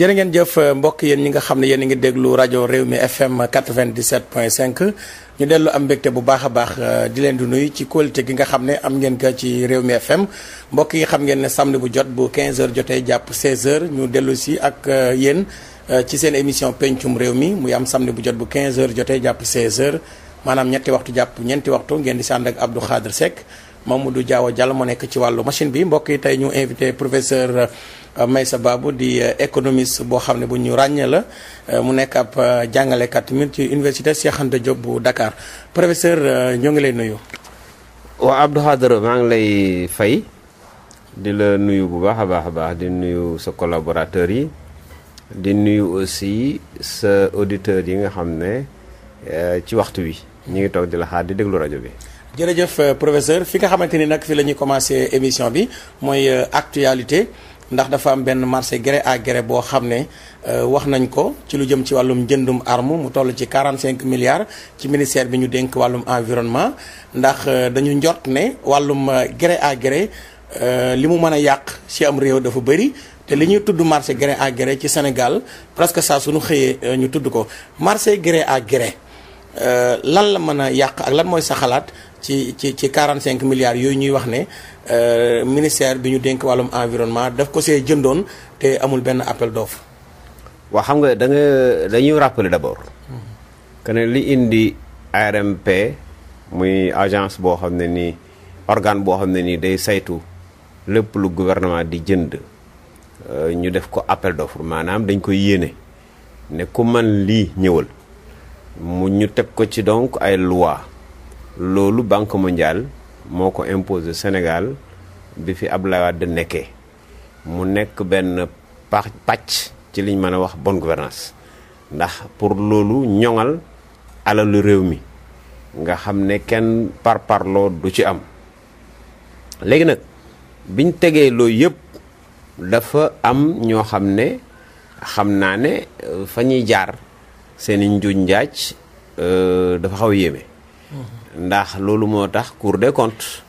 jërë ngeen jëf euh, mbokk yéen ñi nga xam ne yéen a ngi déglu rajo réew mi FM 97.5 ñu dellu am mbégte bu baax a baax euh, di leen di nuyu ci kóolute gi nga xam ne am ngeen ko ci réew mi FM mbokk yi xam ngeen ne samedi bu jot bu 15h jotee jàpp 16h ñu dellu si ak euh, yéen ci seen émission pencum réew mi muy am samedi bu jot bu 15h jotee jàpp 16h maanaam ñetti waxtu jàpp ñeenti waxtu ngeen di si ànd ak Abdou Khadre Seck Mamadou Diaw Diallo moo nekk ci wàllu machine bi mbokk yi tey ñu invité professeur. sa Babou di euh, économiste boo xam ne bu ñu ràññee la euh, mu nekk ab euh, jàngalekat tamit ci université Cheikh Anta bu dakaar professeur ñoo ngi lay nuyu. waaw Abdou Khadre maa ngi lay fay di la nuyu bu baax a baax a baax di nuyu sa collaborateurs yi di nuyu aussi sa auditeurs yi nga xam ne ci waxtu wi ñu ngi toog di la xaar di déglu rajo bi. jërëjëf professeur fi nga xamante ni nag fi lañuy ñuy commencé émission bi mooy actualité. ndax dafa am benn marché gré à gré boo xam ne euh, wax nañ ko ci lu jëm ci wàllum jëndum arme mu toll ci 45 milliards ci ministère bi ñu dénk wàllum environnement ndax euh, dañu njot ne wàllum euh, gré à gré li mu mën a yàq si am réew dafa bëri te li ñuy tudd marché gré à ci Sénégal presque saa suñu xëyee ñu tudd ko marché gré à gré lan la mën a yàq ak lan mooy sa xalaat ci ci ci 45 milliards yooyu ñuy wax ne Euh, ministère bi ñu dénk wàllum environnement def ko see jëndoon te amul benn appel d'offre. waa xam nga da nga dañuy rappeler d'abord. que ne li indi rmp muy agence boo xam ne nii organe boo xam ne nii day saytu lépp lu gouvernement di jënd euh, ñu def ko appel d'offre maanaam dañ koy yéene ne ku man lii ñëwal. mu ñu teg ko ci donc ay loi loolu banque mondiale. moo ko impose Sénégal bi fi Abdoulaye Wade nekkee mu nekk benn pa pàcc ci liñ mën a wax bon gouvernance ndax pour loolu ñoŋal alalu réew mi nga xam ne kenn par parloo du ci am léegi nag biñ tegee loolu yëpp dafa am ñoo xam ne xam naa ne euh, fa ñuy jaar seeni njuuj njaaj euh, dafa xaw a yéeme ndax loolu moo tax Cour des comptes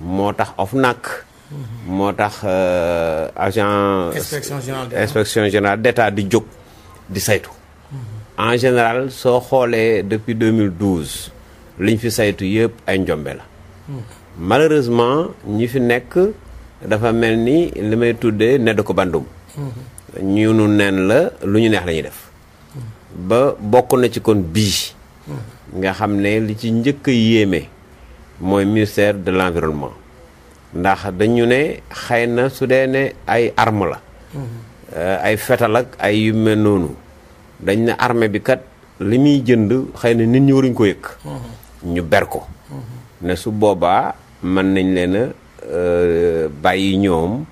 moo tax nag moo tax euh, agent inspection générale d'État di jóg di saytu en général soo xoolee depuis 2012 li ñu fi saytu yëpp ay njombe la malheureusement ñi fi nekk dafa mel ni li may tuddee ne da ko bandum ñunu neen la lu ñu neex la def ba bokk na ci kon bii nga xam ne li ci njëkk yéeme mooy ministère de l'environnement ndax dañu ne xëy na su dee ne ay arme la mhm. ay fetal ay yu noonu dañ ne armée bi kat li muy jënd xëy na nit ñi waruñ ko yëkk mhm. ñu ber ko mhm. ne su boobaa mën nañ leen a euh, bàyyi ñoom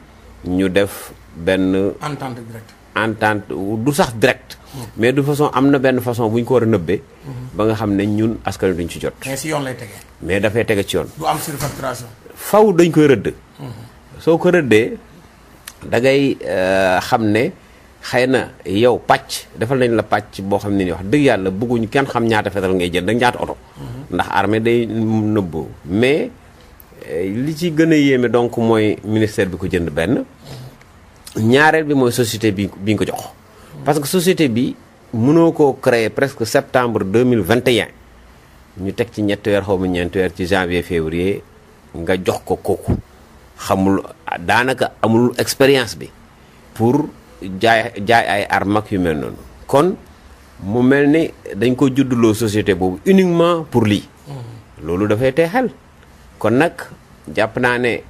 ñu def benn entente directe entente du sax direct mais de façon am na benn façon bu ñu ko war a nëbbee ba nga xam ne ñun askan duñ ci jot. mais si yoon lay mais dafay teg ci yoon. du am surfacturation. faw dañ koy rëdd. Mm-hmm. soo ko rëddee da ngay euh, xam ne xëy na yow pàcc defal nañ la pàcc boo xam ne ni wax dëgg yàlla bëgguñu kenn xam ñaata fetal ngay jënd ak ñaata oto. Mm-hmm. ndax armée day nëbboo mais. Euh, li ci gën a yéeme donc mooy ministère bi ko jënd benn mm-hmm. ñaareel bi mooy société bi bi nga ko jox parce que bi mënoo koo créer presque septembre 2021 ñu teg ci ñetti weer xaw mu ñeenti weer ci janvier février nga jox ko kooku xamul daanaka amul expérience bi pour jaay jaay ay armag yu mel noonu kon mu mel ni dañ ko judduloo société boobu uniquement pour lii mm-hmm. loolu dafay tee kon nag jàpp naa ne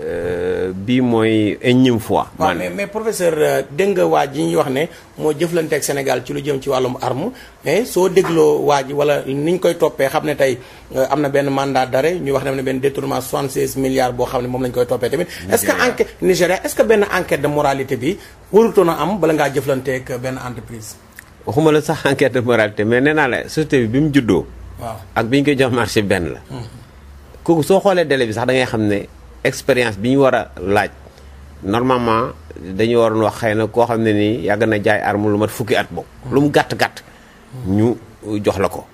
Euh, bii mooy énième fois. waaw mais mais professeur euh, dégg nga waa ji ñuy wax ne moo jëflante ak Sénégal ci lu jëm ci wàllum arme mais soo dégloo waa ji wala ni ñu koy toppee xam ne tey euh, am na benn mandat d'arrêt ñu wax ne ne benn détournement 76 milliards boo xam ne moom lañ koy toppee tamit. est-ce que enquête Nigéria est-ce que benn enquête de moralité bi warutoon a am bala ngaa jëflanteeg benn entreprise. waxuma la sax enquête de moralité mais nee naa la société bi bi mu juddoo. waaw ak ñu koy jox marché benn la. expérience bi ñu war a laaj normalement dañu waroon wax xëy na koo xam ne nii yàgg na jaay arme lu mat fukki at boobu. lu mu gàtt gàtt. ñu jox la ko.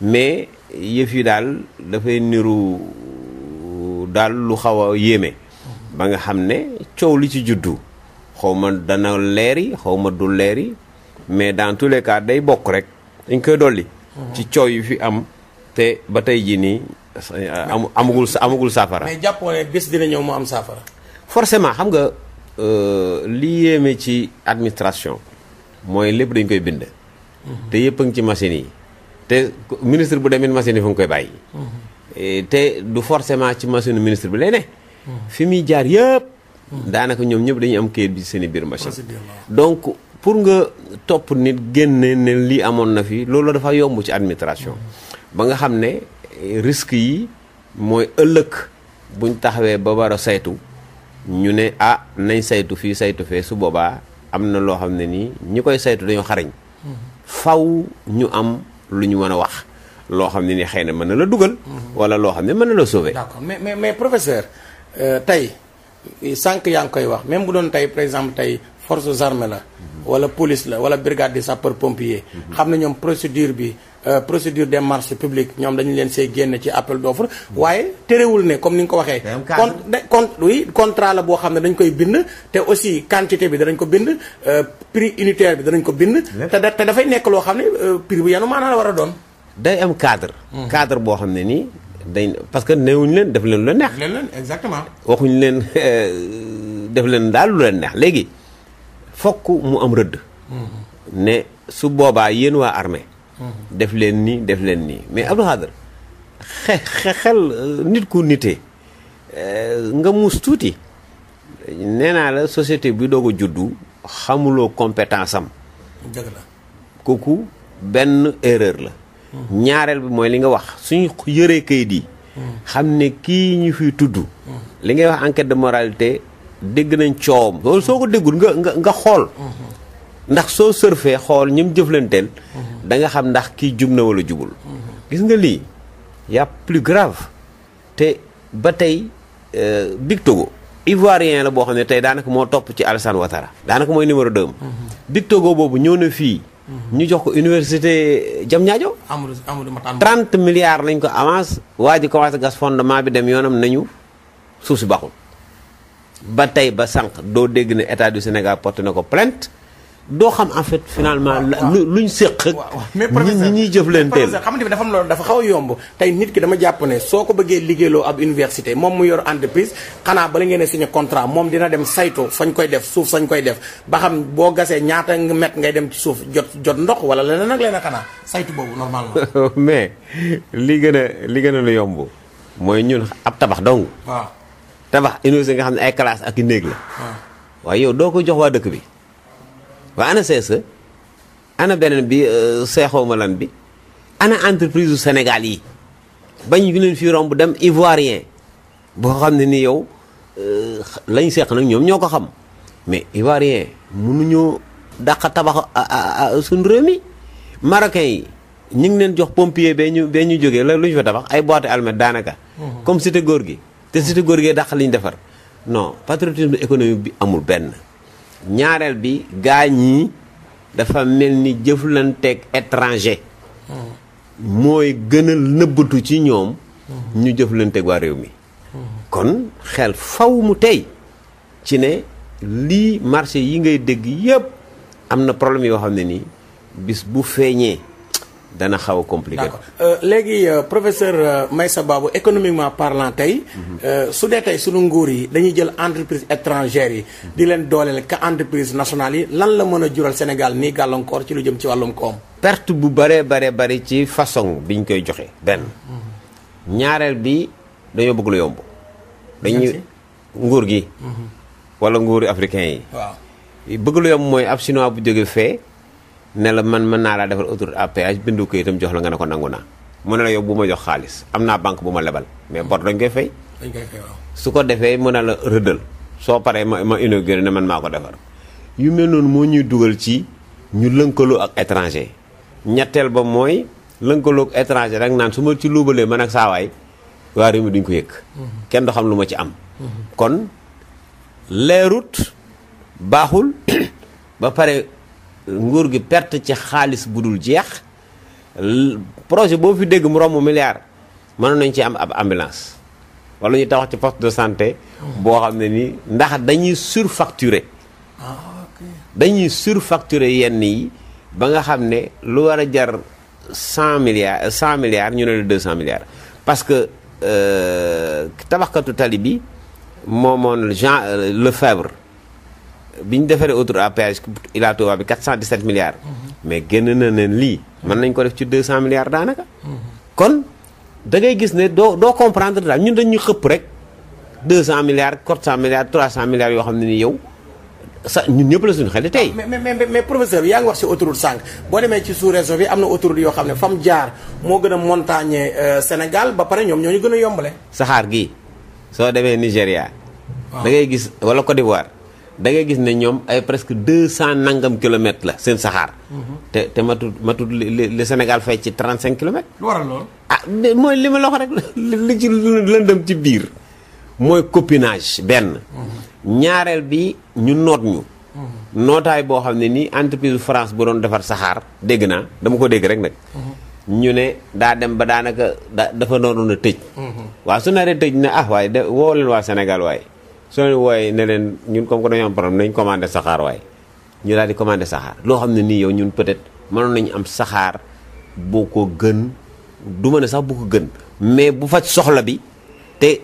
mais yëf yi daal dafay niru daal lu xaw a yéeme. ba nga xam ne coow lu ci juddu xaw ma dana leeri xaw ma du leeri mais dans tous day bokk rek dañ koy dolli. ci coow yi fi am. te ba tey jii nii am amagul amagul saafara. mais jàppoo ne bés dina ñëw mu am saafara. forcément xam nga euh, lii yéeme ci administration mooy lépp dañ koy bind. Mhm. te yëpp a ngi ci machine yi te ministre bu demee machine yi fu nga koy bàyyi. Mhm. te du forcément ci machine ministre bi lay mhm. fi muy jaar yëpp. daanaka ñoom ñëpp dañu am kayit bi seen i biir machine. donc pour nga topp nit génne ne lii amoon na fi loolu dafa yombu ci administration. ba nga xam ne eh, risques yi mooy ëllëg buñ taxawee ba war a saytu ñu ne ah nañ saytu fii saytu fee su boobaa am na loo xam ne nii ñi koy saytu dañoo xarañ faw ñu am lu ñu mën a wax loo xam ne nii xëy na mën na la dugal wala loo xam ne mën na la sauver d'accord mais mais mais professeur euh, tey sànq yaa ngi koy wax même bu doon tey par exemple tey forces armées la wala police la wala brigade des sapeurs pompiers xam ne ñoom procédure bi euh, procédure de marché publics ñoom dañu leen see génn ci appel d'offre waaye terewul ne comme ni nga ko waxee con oui contrat la boo xam ne dañ koy bind te aussi quantité bi danañ ko bind euh, prix unitaire bi danañ ko bind te te dafay nekk loo xam ne euh, prix bu yanu maanaa la war a doon day am cadre hmm. cadre boo xam ne nii dañ parce que newuñu leen def leen lu la neex leen exactement waxuñu leen def leen daal lu leen neex léegi fokk mu am rëdd ne su boobaa yéen waa armée def leen nii def leen nii mais Abdou Khadre xe xel euh, nit ku nitee euh, nga muus tuuti nee naa la société bi doog a juddu xamuloo compétence am dëgg kooku benn erreur la ñaareel bi mooy li nga wax suñu yëree kayit yi hmm. xam ne kii ñu fiy tudd hmm. li ngay wax enquête de moralité dégg nañ coowam loolu soo ko déggul nga nga nga xool ndax soo surfee xool ñim mu jëflanteel da nga xam ndax kii jub na wala jubul gis nga lii yàpp plus grave te ba tey euh, Big Togo Ivoirien la boo xam ne tey daanaka moo topp ci Alassane Ouattara daanaka mooy numéro 2 Big Togo boobu ñëw na fii ñu jox ko université Diamniadio trente milliards lañ ko avance waa ji commencé gas fondement bi dem yoonam nañu suuf si baaxul ba tey ba sànq doo dégg ne état du Sénégal porté na ko plainte doo xam en fait finalement lu lu luñ séq ak ñi ñuy jëflanteel xam nga dafa am loolu dafa xaw a yomb tey nit ki dama jàpp ne soo ko bëggee liggéeyloo ab université moom mu yor entreprise xanaa bala ngeen a signé contrat moom dina dem saytu fañ koy def suuf sañ koy def ba xam boo gasee ñaata mètre ngay dem ci suuf jot jot ndox wala leneen ak leneen xanaa saytu boobu normalement mais li gën a li gën a lu yomb mooy ñu ab tabax dong waaw tabax université nga xam ne ay classe ak i néeg la. Ah. waaye yow doo ko jox waa dëkk bi. waa ana CSE ana beneen bi euh, seexoo ma lan bi ana entreprise du Sénégal yi bañ ñu leen fi romb dem Ivoirien boo xam ne ni yow euh, lañ seeq nag ñoom ñoo ko xam mais Ivoirien mënuñoo dàq tabax suñ réew mi Marocain yi ñu ngi leen jox pompier bee ñu bee ñu jógee la lu ñu fa tabax ay boîte almet daanaka. Mm-hmm. comme cité góor gi. te surtout góor gee dàq li ñu defar non patriotisme économique bi amul benn ñaareel bi gaa ñi dafa mel ni jëflanteeg étranger mooy gën a nëbbatu ci ñoom ñu jëflanteeg waa réew mi kon xel faw mu tey ci ne lii marché yi ngay dégg yépp am na problème yoo xam ne nii bis bu feeñee dana xaw a compliqué. Euh, léegi euh, professeur euh, Meissa baabu économiquement parlant tey. Mhm. su dee tey sunu nguur yi dañuy jël entreprise étrangère yi. di leen dooleel ka entreprise nationale yi lan la mën a jural Sénégal nii gàllankoor ci lu jëm ci wàllum koom. perte bu bëree bare bëri ci façon biñ koy joxe benn. Mhm. ñaareel bi dañoo bëgg lu yomb. dañuy nguur gi. Mhm. wala nguuru africain yi. waaw bëgg lu yomb mooy ab chinois bu jóge fee. ne la man mën naa laa defar autoroute à péage bindu ko itam jox la nga ne ko nangu naa mu ne la yow bu ma jox xaalis am naa banque bu ma lebal mais bor dañ koy fay. su ko defee mu ne la rëddal soo paree ma ma inauguré ne man maa ko defar yu mel noonu moo ñuy dugal ci ñu lënkaloo ak étranger ñetteel ba mooy lënkaloo ak étranger rek naan su ma ci luubalee man ak saawaay waa réew ma duñ ko yëkk mhm. kenn du xam lu ma ci am. Mhm. kon leerut baaxul ba pare. nguur gi perte ci xaalis bu dul jeex projet boo fi dégg mu romb milliard mënoon nañ ci am ab ambulance wala ñu taxaw ci poste de santé boo xam ne ni ndax dañuy surfacturer ah, dañuy surfacturer yenn yi ba nga xam ne lu war a jar cent milliards cent milliards ñu ne la deux cent milliards parce que euh, tabaxkatu tali bi moomoon Jean euh, Lefebvre bi ñu defaree autoroute à péage Ila Touba bi 417 milliards. mais génn na ne lii mën nañ ko def ci 200 milliards daanaka. kon da ngay gis ne doo doo comprendre daal ñun dañ ñu xëpp rek 200 milliards 400 milliards 300 milliards yoo xam ne ni yow. sa ñun ñëpp la suñu xel tey. Ah, mais mais mais professeur bi yaa ngi wax ci autoroute sànq boo demee ci sous-région bi am na autoroute yoo xam ne fam jaar moo gën a montagne euh, Sénégal ba pare ñoom ñoo ñu gën a yombale. saxaar gii soo demee Nigéria. da ngay gis wala Côte d'Ivoire da ngay gis ne ñoom ay presque deux cent nangam kilomètres la seen saxaar. te te matut matut li li Sénégal fay ci trente cinq kilomètres. lu waral loolu. ah mooy li ma la wax rek li ci ci biir mooy copinage benn. bi ñu noot nootaay boo xam ne nii entreprise France bu doon defar saxaar dégg naa dama ko dégg rek nag. ne daa dem ba daanaka da dafa noonu a tëj. Mhm. waaw su naree tëj ne ah waaye de woo leen waa Sénégal waaye. soo leen wooyee ne leen ñun comme que dañoo am problème nañ commandé ñu daal di commandé saxaar loo xam ne nii yow ñun peut-être mënoon nañu am saxaar boo ko gën du ma ne sax bu gën mais bu faj soxla bi te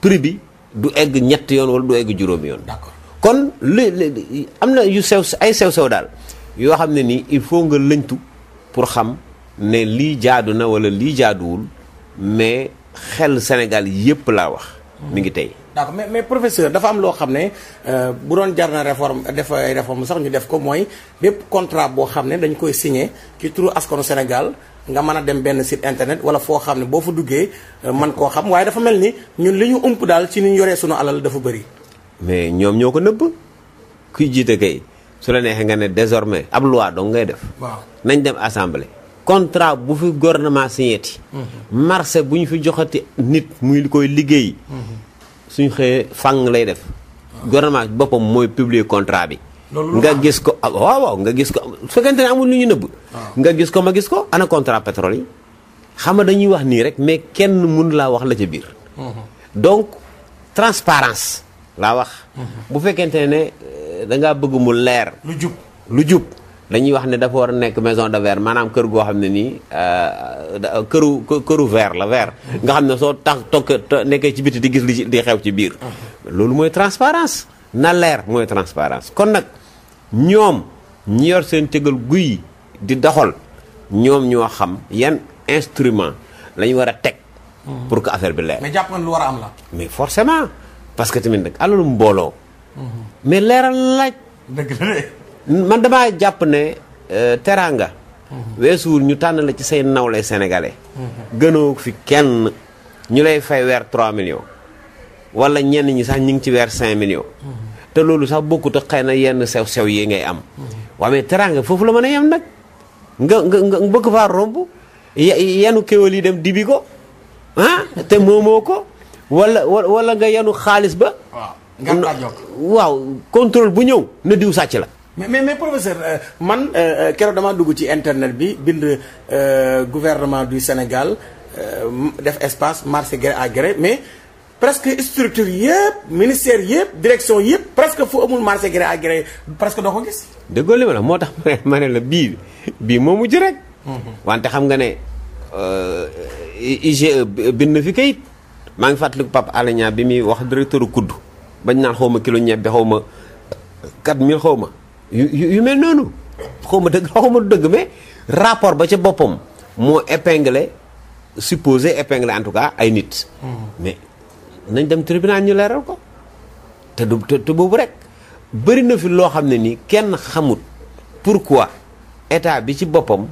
prix bi du egg ñett yoon wala du egg juróomi yoon. d'accord kon li am na yu sew ay sew-sew daal yoo xam ne nii il faut nga lëñtu pour xam ne lii jaadu na wala lii jaaduwul mais xel Sénégal yépp laa wax mi ngi tey. d'accord mais mais professeur dafa am loo xam ne euh, bu doon jar na réforme def ay sax ñu def ko mooy bépp contrat boo xam ne dañ koy signé ci turu askanu Sénégal nga mën a dem benn site internet wala foo xam ne boo fa duggee euh, man koo xam waaye dafa mel ni ñun li ñu ëmp daal ci ni ñu yoree sunu alal dafa bëri. mais ñoom ñoo ko nëbb kuy jiite kay su la neexee nga ne désormais ab loi dong ngay def. waaw nañ dem assemblée. contrat bu fi gouvernement signéeti. Mhm. marché bu ñu fi joxati nit muy koy liggéey. Mhm. suñ xëyee fang lay def. gouvernement bi boppam mooy publier contrat bi. nga gis ko ah, waaw waaw nga gis ko su fekkente ne amul lu ñu nëbb. Ah. nga gis ko ma gis ko ana contra pétrole yi. xam nga dañuy wax nii rek mais kenn mënu laa wax la ca biir. Mhm. donc transparence laa wax. Mhm. bu fekkente ne eh, da ngaa bëgg mu leer. lu jub lu jub. dañuy wax ne dafa war a nekk maison de verre maanaam kër goo xam ne nii euh, këru këru verre la verre nga xam ne soo tax toog nekkee ci biti di gis li di xew ci biir loolu mooy transparence na leer mooy transparence kon nag ñoom ñi yor seen tegal guy di doxal ñoom ñoo xam yan instrument la ñu war a teg pour que affaire bi leer mais jàpp nga lu war am la mais forcément parce que tamit nag alalu mbooloo mhm. mais leeral laaj man damaa jàpp ne euh, teraanga. Mhm. weesuwul ñu tànn la ci say nawle sénégalais. Mhm. gënoo fi kenn ñu lay fay weer 3 millions. wala ñenn ñi sax ñu ngi ci weer 5 millions. Mhm. te loolu sax bokkut ak xëy na yenn sew sew yi ngay am. waaw mais teraanga foofu la mën a yem nag. nga nga nga bëgg faa romb yenu yi dem dibi ko ah te moomoo ko wala wala nga yenu xaalis ba. waaw waaw contrôle bu ñëw na diw sàcc la. mais mais mais professeur euh, man euh, euh, keroog damaa dugg ci internet bi bind gouvernement du Sénégal def espace marché gré à mais presque structure yëpp ministère yëpp direction yëpp presque fu amul marché gré à gré presque doo ko gis. déggoo li ma la moo tax ma ne la bii bii moo mujj rek. Mhm. wante xam nga ne IGE bind na fi kayit. maa ngi fàttaliku Pape Alé Niang bi muy wax directeur kudd bañ naan xaw ma kilo ñebbe xaw ma 4000 xaw ma. yu yu mel noonu xaw ma dëgg xaw ma dëgg me rapport ba ca boppam moo épinglé supposé épinglé en ay nit. Hmm. mais nañ dem tribunal ñu leeral ko te du te boobu rek bëri na fi loo xam ne nii kenn xamut pour pourquoi état bi ci boppam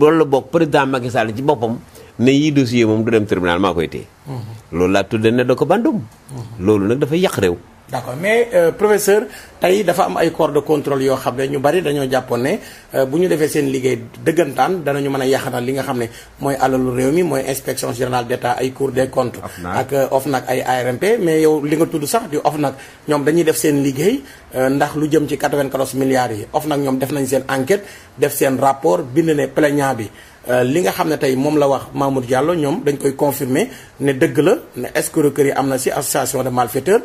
loolu la bokk président Macky Sall ci boppam. ne yii dossier moom du dem tribunal maa koy téye. Hmm. loolu laa tuddee ne da ko bandum. Hmm. loolu nag dafa yàq réew. d' accord mais euh, professeur tey dafa am ay corps de contrôle yoo xam ne ñu bari dañoo jàppoon ne euh, bu ñu defee seen liggéey dëggantaan danañu mën a yaxanal li nga xam ne mooy alalu réew mi mooy inspection générale d' état ay cour des comptes ak euh, OFNAC ay ARMP mais yow li nga tudd sax di nag ñoom dañuy def seen liggéey euh, ndax lu jëm ci 94 milliards yi nag ñoom def nañ seen enquête def seen rapport bind ne plaignant bi li nga xam ne tey moom la wax Mamour Diallo ñoom dañ koy confirmer ne dëgg la ne escroquerie am na si association de malfaiteurs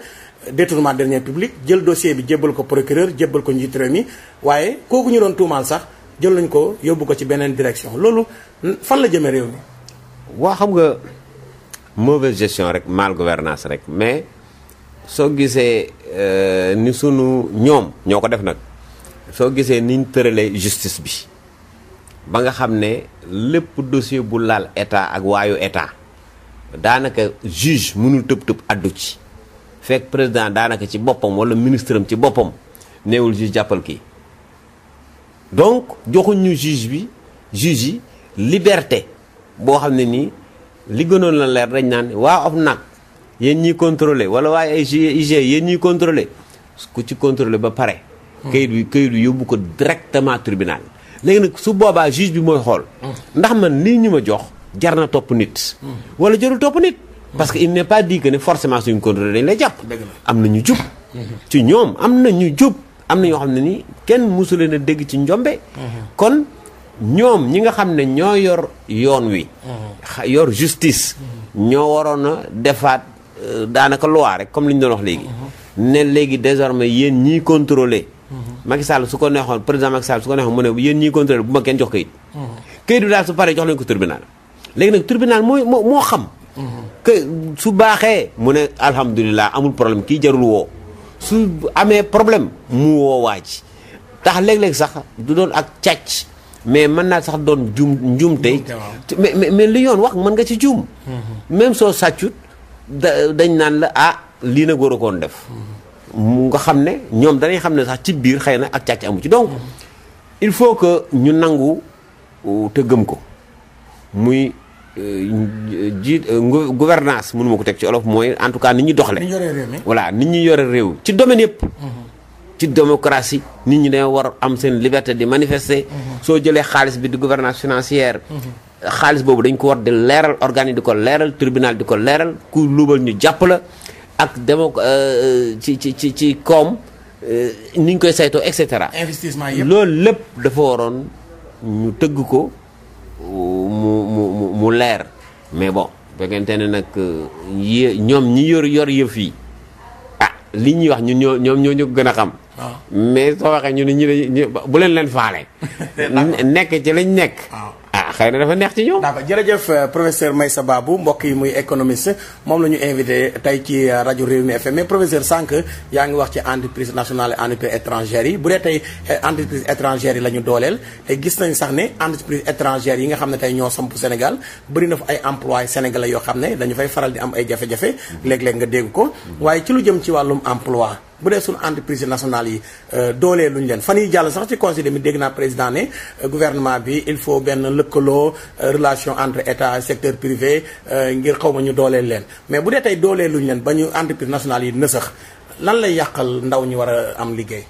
détournement deniers publics jël dossier bi jébbal ko procureur jébbal ko njiit mi waaye kooku ñu doon tuumaal sax jël nañ ko yóbbu ko ci beneen direction loolu fan la jëmee réew mi. waa xam nga mauvaise gestion rek mal gouvernance rek mais soo gisee euh, ni sunu ñoom ñoo ko def nag soo gisee niñ tëralee justice bi ba nga xam ne lépp dossier bu laal état ak waayu état daanaka juge mënul tëb tëb addu ci. fekk président daanaka ci boppam wala ministre am ci boppam neewul juge jàppal kii donc joxuñ ñu bi juge yi liberté boo xam ne nii li gënoon la leer dañ naan waa OFNAC yéen ñuy contrôlé wala waaye IG yéen ñuy contrôlé ku ci contrôlé ba pare kayit bi kayit bi yóbbu ko directement tribunal léegi nag su boobaa juge bi mooy xool hmm. ndax man lii ñu ma jox jar na topp nit hmm. wala jarul topp nit parce que il n'est pas dit que ne forcément suñu contrôlé dañ lay jàpp. am na ñu jub. ci ñoom am na ñu jub am na ñoo xam ne ni kenn mosu leen a dégg ci njombe. Mhm. kon ñoom ñi nga xam ne ñoo yor yoon wi. Mhm. yor justice. Mhm. ñoo waroon a defaat euh, daanaka loi rek comme li ñu doon wax léegi. ne léegi désormais yéen ñiy contrôlé. Macky su ko neexoon président Macky Sall su ko neexoon mu ne yéen ñiy contrôlé bu ma kenn jox kayit. kayit daal su paree jox leen ko tribunal léegi nag tribunal moo moo xam. que su baaxee mu ne alhamdulilah amul problème kii jarul woo su amee problème mu woo waa tax léeg-léeg sax du doon ak càcc mais mën naa sax doon jum njumte mais mais li yoon wax mën nga ci juum mhm. même soo sàccut dañ naan la ah lii nag war koon def mu nga xam ne ñoom danañ xam ne sax ci biir xëy na ak càcc amu ci donc mhm. il faut que ñu nangu te gëm ko muy Euh, jiit euh, gouvernance mënu ma ko teg ci olof mooy en tout cas nit ñi doxle voilà nit ñi yore réew ci domaine yëpp mhm. ci démocratie nit ñi dañoo war am seen liberté di manifester mhm. soo jëlee xaalis bi di gouvernance financière mhm. xaalis boobu dañ ko war di leeral organe di ko leeral tribunal di ko leeral ku luubal ñu jàpp la ak démo euh, ci ci ci ci koom ni ñu koy saytoo et cetera investissement yëpp loolu lépp dafa waroon ñu tëgg ko mu mu mu mu leer mais bon fekkente ne nag euh, yé ñoom ñi yor yor yëf yi ah li ñuy wax ñun ñoo ñoom ñoo ñu gën a xam. Ah. mais soo waxee ñu ne ñu bu leen leen faale. nekk ci lañ nekk. Ah. Ah. xëy na dafa neex ci ñoom. d'accord jërëjëf euh, professeur Meissa Babou mbokk yi muy économiste moom la ñu invité tey ci euh, rajo Rewmi FM mais professeur Sànq yaa ngi wax ci entreprise nationale entreprise étrangère yi bu dee tey euh, entreprise étrangère yi la ñu dooleel te gis nañ sax ne entreprise étrangère yi nga xam ne tey ñoo samp Sénégal bëri na fa ay emploi sénégalais yoo xam ne dañu fay faral di am ay jafe-jafe léeg-léeg nga dégg ko waaye ci lu jëm ci wàllum emploi bu dee suñu entreprise nationale yi dooleel luñu leen fan yi jàll sax ci conseil mi dégg naa président ne bi il faut benn lëkkaloo euh, relation entre état secteur privé euh, ngir xaw ma ñu dooleel leen mais bu dee tey dooleeluñ leen ba ñu entreprise nationale yi nësax lan lay yàqal ndaw ñi war a am liggéey.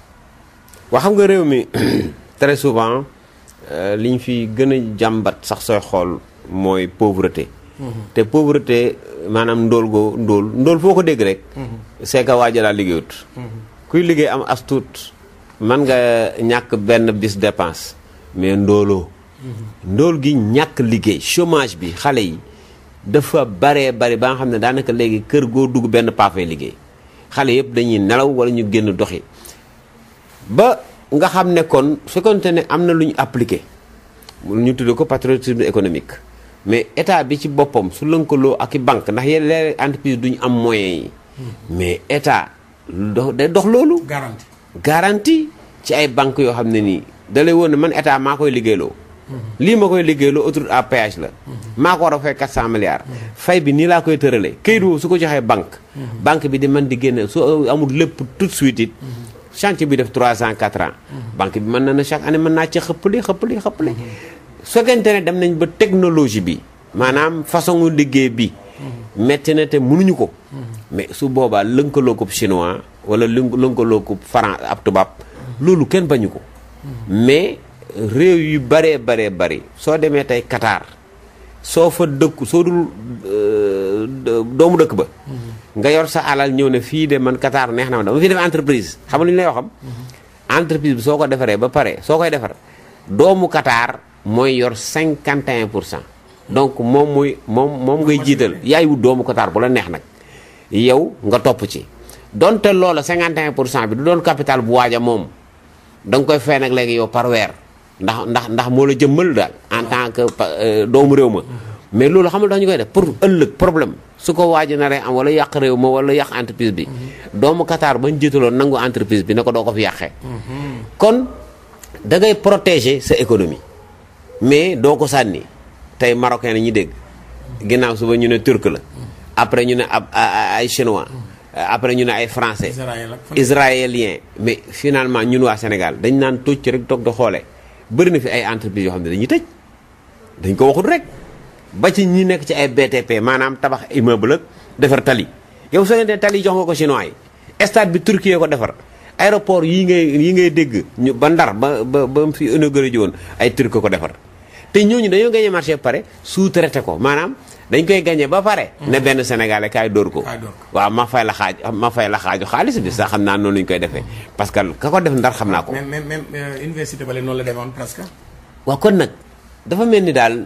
waa xam nga réew mi très souvent euh, li ñu fi gën a jàmbat sax sooy xool mooy pauvreté. Mhm. te pauvreté maanaam ndool goo ndóol ndóol foo ko dégg rek. Mhm. c'est waaja laa liggéeyut. Mhm. kuy liggéey am as man nga ñàkk benn bis dépense mais ndóoloo ndóol gi ñàkk liggéey chômage bi xale yi dafa baree bari ba nga xam ne daanaka léegi kër goo dugg benn paafay liggéey xale yëpp dañuy nelaw wala ñu génn doxi ba nga xam ne kon fekkonte ne am na lu ñu appliqué ñu tudde ko patriotisme économique mais état bi ci boppam su lënkaloo ak i banque ndax yenn leer entreprise du ñu am moyens yi mais état dox day dox loolu garantie garantie ci ay banques yoo xam ne nii dalay woon ne man état maa koy liggéeyloo lii ma koy liggéey lu autoroute à péage la maa ko war a fay 400 milliards fay bi nii laa koy tëralee këyit woowu su ko joxee banque banque bi di man di génne su amul lépp tout de suite it bi def 3 ans 4 ans banque bi mën na na chaque année mën naa ci xëppale xëppale xëppale fekkente ne dem nañ ba technologie bi maanaam façon liggéey bi metti na te mënuñu ko mais su boobaa lënkaloo ko chinois wala lënkaloo ko faran ab tubaab loolu kenn bañu ko mais réew yu baree baree bari soo demee tey Qatar soo fa dëkku soo dul euh, doomu dëkk ba. Mhm. nga yor sa alal ñëw ne fii de man Qatar neex na ma dama fi def entreprise xam nga li ñu xam mhm. entreprise bi soo ko defaree ba pare soo koy defar doomu Qatar mooy yor 51 pour cent. donc moom mooy moom moom ngay jiital yaay wut doomu Qatar bu la neex nag yow nga topp ci. donte loola en pour cent bi du doon capital bu waaj moom da nga koy fay nag léegi yow par ndax ndax ndax moo la jëmmal daal en tant que euh, doomu réew ma mais loolu xam nga ñu koy def pour ëllëg problème su ko waaji naree am wala yàq réew ma wala yàq entreprise bi mm-hmm. doomu Qatar bañ jiitaloon nangu entreprise bi ne doo ko fi yàqee mm-hmm. kon da protéger sa économie mais doo ko sànni tey marocain la ñuy dégg ginnaaw suba ñu ne turc la mm-hmm. après ñu ne ab ay chinois après ñu ne ay français israélien mais finalement ñun waa Sénégal dañ naan tocc rek toog di xoolee bëri na fi ay entreprises yoo xam ne dañuy tëj dañ ko waxul rek ba ci ñi nekk ci ay BTP maanaam tabax immeuble ak defar tali yow soo leen dee tali jox nga ko chinois yi stade bi Turquie ko defar aéroport yi ngay yi ngay dégg ñu ba ndar ba ba ba mu fi inauguré ji woon ay turc ko defar te ñooñu dañoo gagné marché ba pare sous-traité ko maanaam dañ koy gañee ba pare. Mm-hmm. ne benn sénégalais kaay dóor ko. waaw ma fay la xaaj ma fay la xaaju xaalis bi sax xam naa noonu ñu koy defee parce que ka ko def ndar xam naa ko. même même euh, université bale noonu la demoon presque. waaw kon nag dafa mel ni daal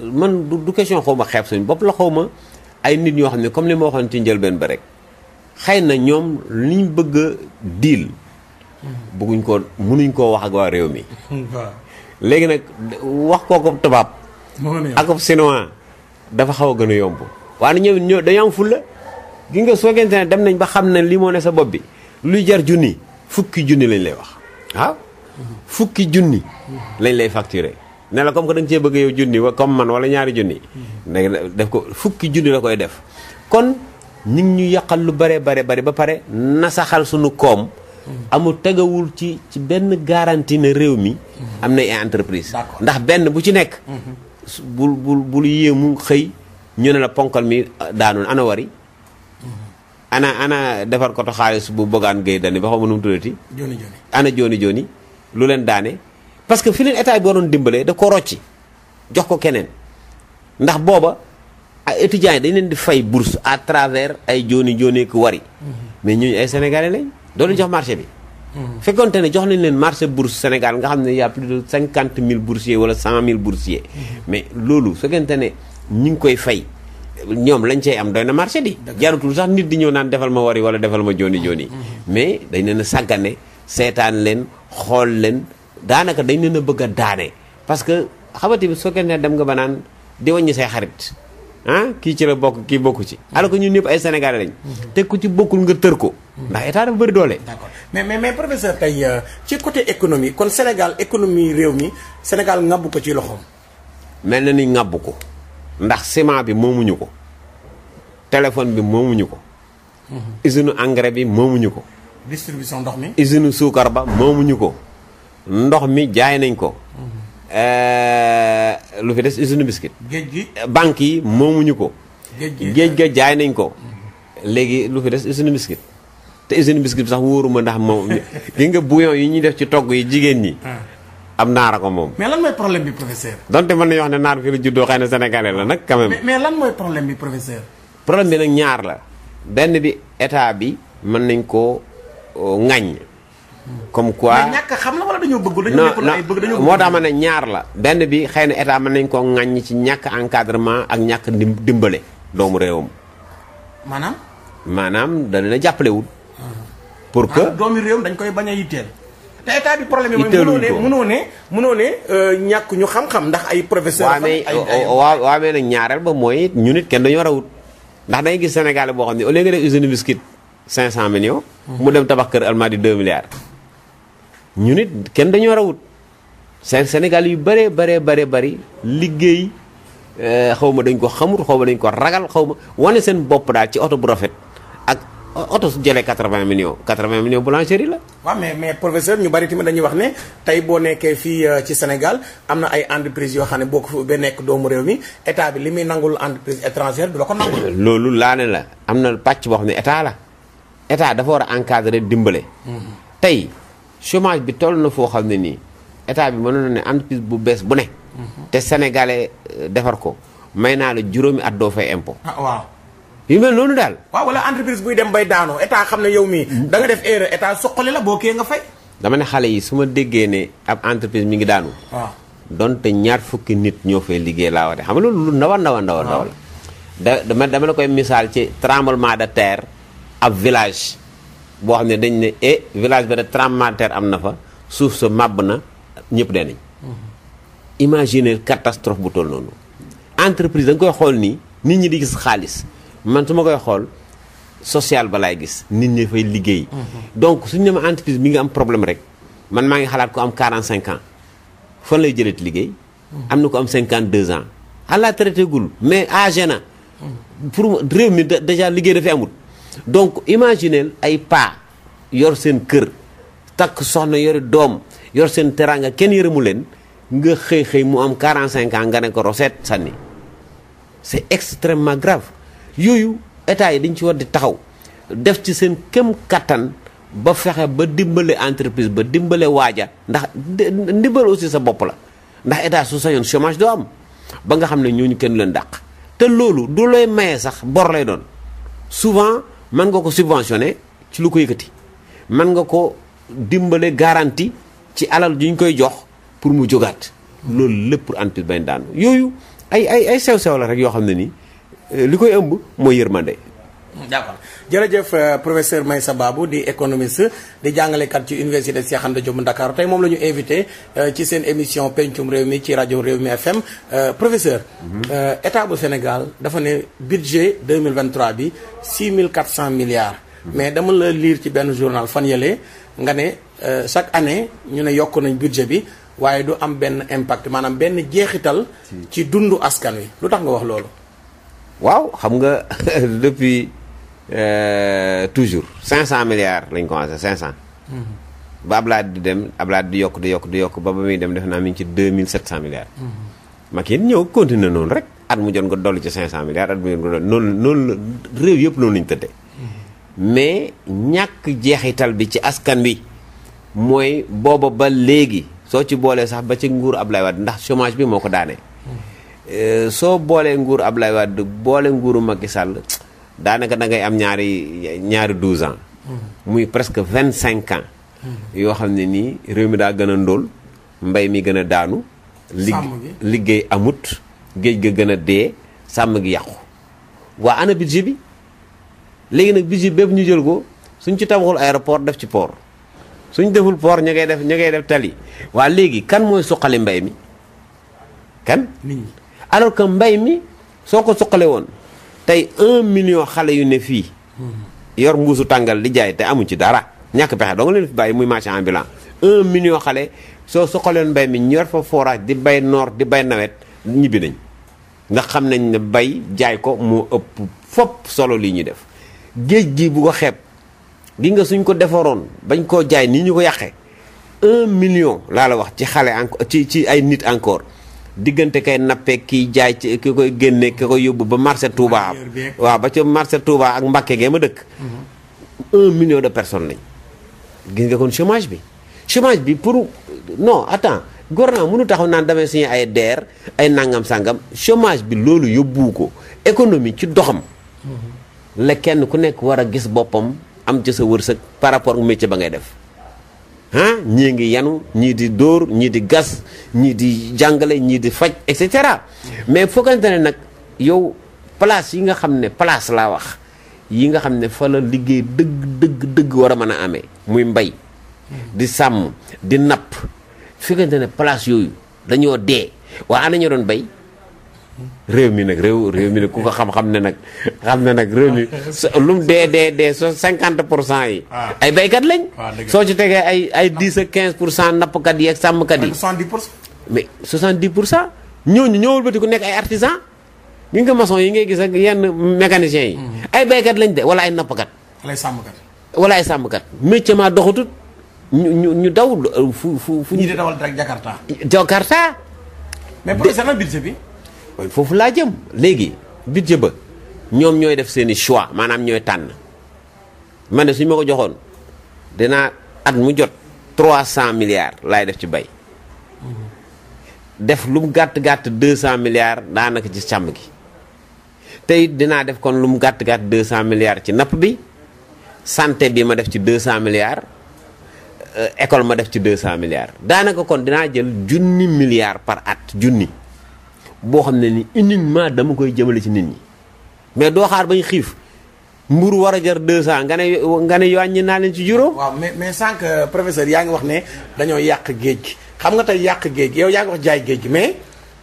man du question xaw ma xeeb suñu bopp la xaw ma ay nit ñoo xam ne comme li ma waxoon ci njëlbeen ba rek xëy na ñoom liñ bëgg a diil. Mm-hmm. bëgguñ ko mënuñ koo wax ak waa réew mi. léegi nag wax kooku tubaab. ak chinois. dafa xaw a gën a yomb waaye ñoom ñoo dañoo am fulla gi nga soogente ne dem nañ ba xam ne lii moo ne sa bopp bi luy jar junni fukki junni lañ lay wax waaw fukki junni lañ lay facturer ne la comme que da nga cee bëgg yow junni wa comme man wala ñaari junni def ko fukki junni la koy def kon ñu ñu yàqal lu bare bare bari ba pare na xal suñu koom amul tegawul ci ci benn garantie ne réew mi am na ay entreprise ndax benn bu ci nekk mhm. bul bul bul yéemu xëy ñu ne la ponkal mi daanu ana wari. ana ana defar koto xaalis bu bogaan gay dani ba xaw ma nu mu tuddati. jooni jooni ana jooni jooni lu leen daane. parce que fi leen état bi waroon dimbalee da ko rocci jox ko keneen ndax booba ay étudiants yi dañ leen di fay bourse à travers ay jooni jooni ku wari. Mhm. mais ñooñu ay sénégalais lañ. doo leen jox marché bi. fekkonte ne jox nañ leen marché bourse Sénégal nga xam ne y' a plus de cinquante mille boursiers wala cent mille boursiers. Mm-hmm. mais loolu fekkente ne ñi ngi koy fay. ñoom lañ cey am doy na marché di jarutul sax nit di ñëw naan defal ma wari wala defal ma jooni jooni mm-hmm. Mm-hmm. mais dañ leen a sàggane seetaan leen xool leen daanaka dañ leen a bëgg a daane parce que xamati bi soo kenn dem nga ba naan di wàññi say xarit ah kii ci la bokk kii bokku ci alors que ñun ñëpp ay sénégalais ko ndax état dafa bëri doole. d'accord mais mais mais professeur euh, ci côté économie kon Sénégal économie réew mi Sénégal ŋàbb ko ci loxoom. mel na ni ŋàbb ko ndax ciment bi moomuñu ko téléphone bi moomuñu ko. Mhm. usine engrais bi moomuñu ko. distribution ndox mi. usine suukar ba moomuñu ko. ndox mi jaay nañ ko. Mhm. Euh, lu fi des usine biscuit. géej gi banques yi moomuñu ko. géej géej ga jaay nañ ko. léegi lu fi des usine biscuit. te usine biscuit bi sax wóoruma ndax moom gi nga bouillon yi ñuy def ci togg yi jigéen ñi ah. am naara ko moom. mais lan mooy problème bi professeur. donte mën nañu wax ne naar fi la juddoo xëy na sénégalais la nag quand même. mais lan mooy problème bi professeur. problème bi nag ñaar la benn bi état bi mën nañ koo euh, ŋaññ. comme quoi mais xam la wala bëgg. dañoo nekkul ay bëgg dañoo moo tax ma ñaar la. benn bi xëy na état mën nañ koo ŋaññ ci ñàkk encadrement ak ñàkk dimbale doomu réewam. maanaam. maanaam dana jàppalewul pour que doomi réew dañ koy bañ a yitteel te bi problème yi mooy mënoo ne mënoo ne mënoo ne euh, ñàkk ñu xam-xam ndax ay professeur waaw mais waaw waaw mais ñaareel ba mooy ñu nit kenn dañoo rawut ndax dangay gis Sénégal boo xam ne au lieu nga cinq usine biscuit hmm. mu dem tabax kër Almadies 2 milliards ñu nit kenn dañoo rawut seen Sénégal yu bëree bëree bëree bëri liggéey euh, xaw ma dañ ko xamut xaw ma dañ ko ragal xaw ma wane seen bopp daal ci oto bu rafet ak oto su jëlee quatre-vingts millions quatre-vingts millions la. waaw mais mais professeur ñu bari tamit dañuy wax ne tey boo nekkee fii euh, ci Sénégal am na ay entreprises yoo xam ne boo ko ba doomu réew mi état bi li muy nangul entreprise étrangère du la ko nangu. Euh, loolu laa ne la am na pàcc boo xam ne état la état dafa war a encadrer dimbale. Mhm. tey chômage bi toll na foo xam ne nii état bi mënoon na ne entreprise bu bees bu ne. Mhm. te sénégalais euh, defar ko may naa la juróomi at doo fay impôt. Ah, yu mel noonu daal. waaw wala entreprise buy dem bay daano état xam ne yow mii. da def erreur état soqali la boo kee nga fay. dama ne xale yi su ma déggee ne ab entreprise mi ngi daanu. waaw donte ñaar fukki nit ñoo fay liggéey laa wax de xam nga loolu lu ndaw ndaw ndaw ndaw la. da dama dama la ci tremblement de terre ab village boo xam ne dañ ne eh village ba de tremblement am na fa suuf sa màbb na ñëpp dee nañ. imaginer catastrophe bu toll noonu. entreprise da koy xool nii nit ñi di gis xaalis. man su ma koy xool social ba laay gis nit ñi fay liggéey. Mhm. donc suñ ne ma entreprise mi ngi am problème rek man maa ngi xalaat ko am 45 ans fan lay jëleet liggéey. Mhm. am na ko am 52 ans. allah traité gul mais âgé na. Mhm. pour réew mi déjà liggéey dafay amul. donc imagineel ay paa yor seen kër takk soxna yore doom yor seen teraanga kenn yërëmu leen nga xëy xëy mu am 45 ans nga ne ko roset sànni c'est extrêmement grave. yooyu état yi dañ ci war di taxaw def ci seen kem kattan ba fexe ba dimbale entreprise ba dimbale waaja ndax ndimbal aussi sa bopp la ndax état su sañoon chômage doo am ba nga xam ne ñooñu kenn leen dàq te loolu du looy maye sax bor lay doon souvent mën nga ko subventionné ci lu ko yëkkati mën nga ko dimbale garantie ci alal ju ñu koy jox pour mu jógaat loolu lépp pour entreprise bañ daanu yooyu ay ay ay sew sew la rek yoo xam ne nii Euh, li koy ëmb mooy yërmande. d'accord jërëjëf euh, professeur Meissa Babou di économiste di jàngalekat ci université Cheikh Anta Diop Ndakaaru tey moom la ñu invité euh, ci seen émission pencum réew mi ci rajo réew mi FM professeur. Mhm. état bu Sénégal dafa ne budget 2023 bi 6400 milliards. Mhm. mais dama la liir ci benn journal fan yële nga ne chaque année ñu ne yokk nañ budget bi waaye du am benn impact maanaam benn jeexital. ci dundu askan wi lu tax nga wax loolu. waaw xam nga depuis euh, toujours 500 milliards lañ cinq cent mhm. ba Ablaye di dem laa di yokk di yokk di yokk ba ba muy dem def naa mi ngi ci 2700 milliards. Mhm. Macky ñëw continuer noonu rek at mu jot nga dollu ci 500 milliards at mu jot nga dolli noonu noonu la réew yëpp noonu lañu tëddee. Mhm. mais ñàkk jeexital bi ci askan bi mooy booba ba léegi soo ci boolee sax ba ci nguur Ablaye Wade ndax chômage bi moo ko daanee. Eh, soo boolee nguur Ablaye Wade boole nguuru Macky sàll daanaka da ngay am ñaari ñaari douze ans. muy presque vingt cinq an yoo xam ne nii réew mi daa gën a ndóol mbay mi gën a daanu. liggéey amut géej ga gën a dee sàmm gi yàqu. waa ana budget bi léegi nag budget bépp ñu jël ko suñ ci tabaxul aéroport def ci port suñ deful port ñu ngay def ñu ngay def tali waa léegi kan mooy suqali mbay mi kan. alors que mbay mi soo ko suqale woon tey un million xale yu ne fii yor mbuusu tàngal di jaay te amuñ ci dara ñàkk pexe doo nga leen fi bàyyi muy marché ambulant un million xale soo suqaleen mbay mi ñor fa forage di bay noor di bay nawet ñibbi nañ ndax xam nañ ne bay jaay ko moo ëpp fopp solo lii ñuy def géej gi bu ko xeeb gi nga suñ ko defaroon bañ koo jaay nii ñu ko yàqee un million laa la wax ci xale encore ci ci ay nit encore diggante kay nappee kiy jaay ci ki koy génne ki koy yóbbu ba marché Touba waaw ba ca marché Touba ak Mbàkke gee ma dëkk mhm. un million de personne lañ gis nga kon chômage bi chômage bi pour non attends gouvernement mënu taxaw naan damay suñu ay DER ay nangam sangam chômage bi loolu yóbbu ko économie ci doxam mhm. la kenn ku nekk war a gis boppam am ci sa wërsëg par rapport ak métier ba ngay def ah ñii ngi yanu ñii di dóor ñii di gas ñii di jàngale ñii di faj et cetera mais foogante ne nag yow place yi nga xam ne place laa wax yi nga xam ne fa la liggéey dëgg dëgg dëgg war a mën a amee muy mbay di sàmm di napp foogante ne place yooyu dañoo dee waa ana ñu doon bay réew mi nag réew mi nag ku ko xam-xam ne nag xam ne nag réew mi lu mu dee dee dee so cinquante pour cent yi ah. ay béykat lañ ah, soo ci tegee ay ay dix quinze pour cent nappkat yi ak sàmmkat yi mais soixante dix pour cent ñooñu ñëwul ku nekk ay artisan gi nga maçon yi ngay gis ak yenn mécanisien yi mm-hmm. ay baykat lañ de wala ay nappkat wala ay sàmmkat métier ma doxatut ñu ñu ñu daw euh, fu fu fu ñu dawal rek Jakarta Jakarta mais projet bi koy foofu laa jëm léegi budget ba ñoom ñooy def seen i choix maanaam ñooy tànn man ne suñ ma ko joxoon dinaa at mu jot trois cent milliards laay def ci bay def lu mu gàtt-gàtt deux cent milliards daanaka ci càmm gi te dinaa def kon lu mu gàtt-gàtt deux cent milliards ci napp bi santé bi ma def ci deux cent milliards euh, école ma def ci deux cent milliards daanaka kon dinaa jël junni milliards par at junni boo xam ne ni uniquement dama koy jëmale ci nit ñi mais doo xaar bañ xiif mbur war a jar 200 nga ne nga ne wàññi naa leen ci juróom. waaw mais mais sànq euh, professeur yaa ngi wax ne dañoo yàq géej gi xam nga tey yàq géej gi yaa ngi wax jaay géej gi mais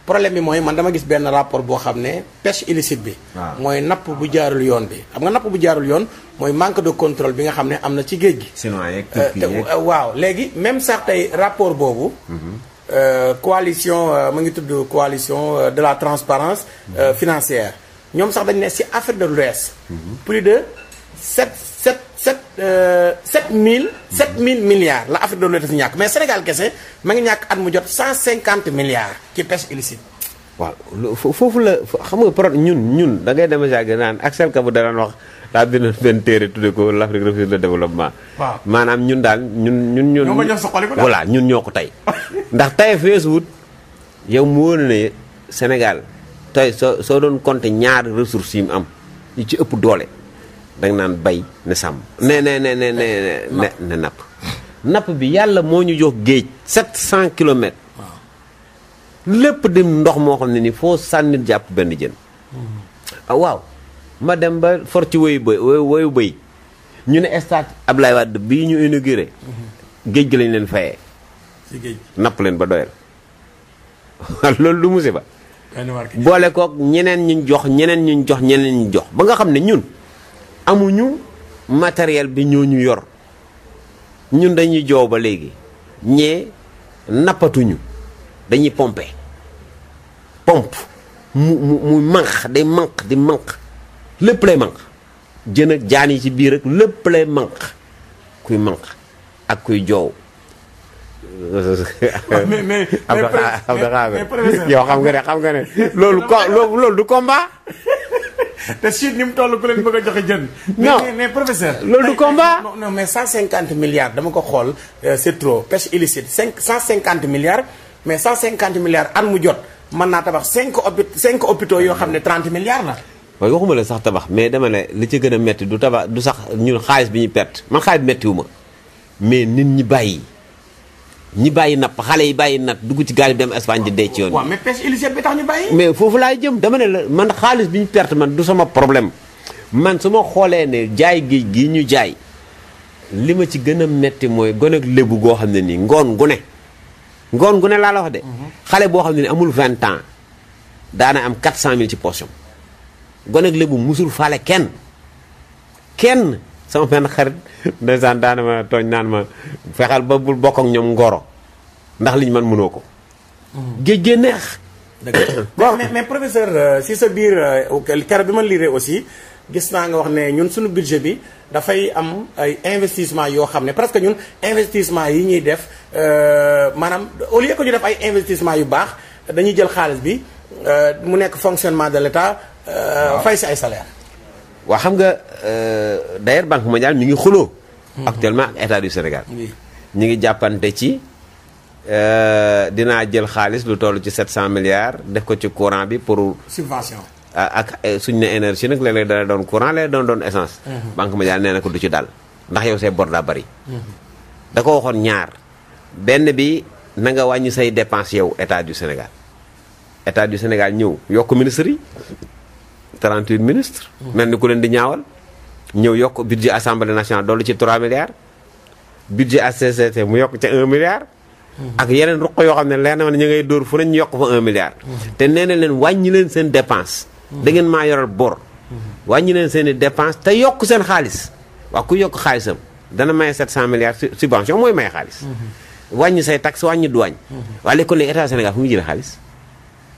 problème bi mooy man dama gis benn rapport boo xam ne pêche illicite bi. Ah. mooy napp bu jaarul yoon bi. xam nga napp bu jaarul yoon mooy manque de contrôle bi nga xam ne am na ci géej gi. sinon euh, waaw léegi même sax tey rapport boobu. Mhm. Euh, coalition euh, mu ngi tudd coalition euh, de la transparence mhm. financière ñoom sax dañ ne si Afrique de l'Ouest mhm. plus de sept sept sept sept mille mhm. sept mille milliards la Afrique de l'Ouest si ñàkk mais Sénégal kese ma ngi ñàkk at mu jot cent cinquante milliards ci pêche illicite waaw foofu la xam nga pro ñun ñun da ngay dem a jàgg naan ak Kabou da daan wax daal dinañ benn téere tudde ko l'Afrique refuse le développement maanaam ñun daal ñun ñun ñun voilà ñun ñoo ko tey ndax tey feesuwut yow mu wóor ne Sénégal tey soo soo doon compter ñaari ressources yi mu am yi ci ëpp doole da naan bay ne sàmm ne ne ne ne ne napp napp bi yàlla moo ñu jox géej 700 kilomètres lépp dem ndox moo xam ne ni foo sànni jàpp benn jën hmm. ah, waaw ma dem ba for ci woyu bëy woyu bëy ñu ne stade Ablaye Wade bii ñu inauguré géej gi lañ leen fayee ci napp leen ba doyal loolu du musiba boole kook ñeneen ñuñ jox ñeneen ñuñ jox ñeneen ñuñ jox ba nga xam ne ñun amuñu matériel bi ñoo ñu yor ñun dañuy joow ba léegi ñee nappatuñu dañuy pompe pompe mu mu muy manq day manq di manq lépp lay manque jën ak jaan yi ci biir rek lépp lay manque kuy manque ak kuy joow ah, mais mais yow xam nga ne xam nga ne loolu ko loolu du combat. te Chine ni mu toll ku leen bëgg a joxe jën. non mais professeur. loolu du combat non cent 150 milliards dama ko xool euh, c'est trop pêche cinq 5 150 milliards mais cent 150 milliards at mu jot mën naa tabax 5 hôpitaux cinq hôpitaux yoo xam ne 30 milliards la. waaye waxuma la sax tabax mais dama li ci gën a metti du tabax du sax ñun xaalis bi ñu perte man xaalis bi ma mais nit ñi bàyyi ñi bàyyi napp xale yi bàyyi napp dugg ci gaal bi dem Espagne di dee ci yoon. waaw mais pêche illicite bi tax ñu bàyyi. mais foofu laay jëm dama ne la man xaalis bi ñu perte man du sama problème man su ma xoolee ne jaay géej gi ñu jaay li ma ci gën a metti mooy gone ak lébu goo xam ne nii ngoon gu ngoon gu ne laa la wax de. Mhm. xale boo xam ne nii amul 20 ans daana am 400000 ci poosam. goneg lébu musul faale kenn kenn sama benn xarit ndeysaan daana tooñ naan ma fexal ba bul bokk ak ñoom ngoro ndax liñ man mënoo ko géej gee neex mais mais professeur euh, si sa biir euh, kero bi ma liiree aussi gis naa nga wax ne ñun suñu budget bi dafay am ay investissement yoo xam ne presque ñun investissement yi ñuy def euh, maanaam au lieu que ñu def ay investissement yu baax dañuy jël xaalis bi Euh, mu nekk fonctionnement de l'état euh, fay si ay salaire waa xam nga euh, d'ailleurs banque mondiale mi ngi xuloo mhm. actuellement ak état du Sénégal ñi ngi jàppante ci dinaa jël xaalis lu toll ci 700 milliards def ko ci courant bi pour subvention ak suñ ne énergie nag la léeg dana doon courant léeg doon doon essence mhm. banque mondiale nee ko du ci daal ndax yow say bor daa bari mhm. da ko waxoon ñaar benn bi na nga wàññi say dépense yow état du Sénégal état du Sénégal ñëw yokk ministres yi 38 ministres. mel ni ku leen di ñaawal. ñëw yokk budget assemblée nationale dolli ci 3 milliards. budget HCCT mu yokk ca 1 milliard. ak yeneen ruq yoo xam ne leer na ma ne ñu ngay dóor fu ne ñu yokk fa 1 milliard. te nee na leen wàññi leen seen dépense. da ngeen maa yoral bor. wàññi leen seen i dépense te yokk seen xaalis. waa ku yokk xaalisam dana maye 700 milliards subvention mooy maye xaalis. wàññi say taxe wàññi douane. waaye léegi kon léegi état Sénégal fu mu xaalis.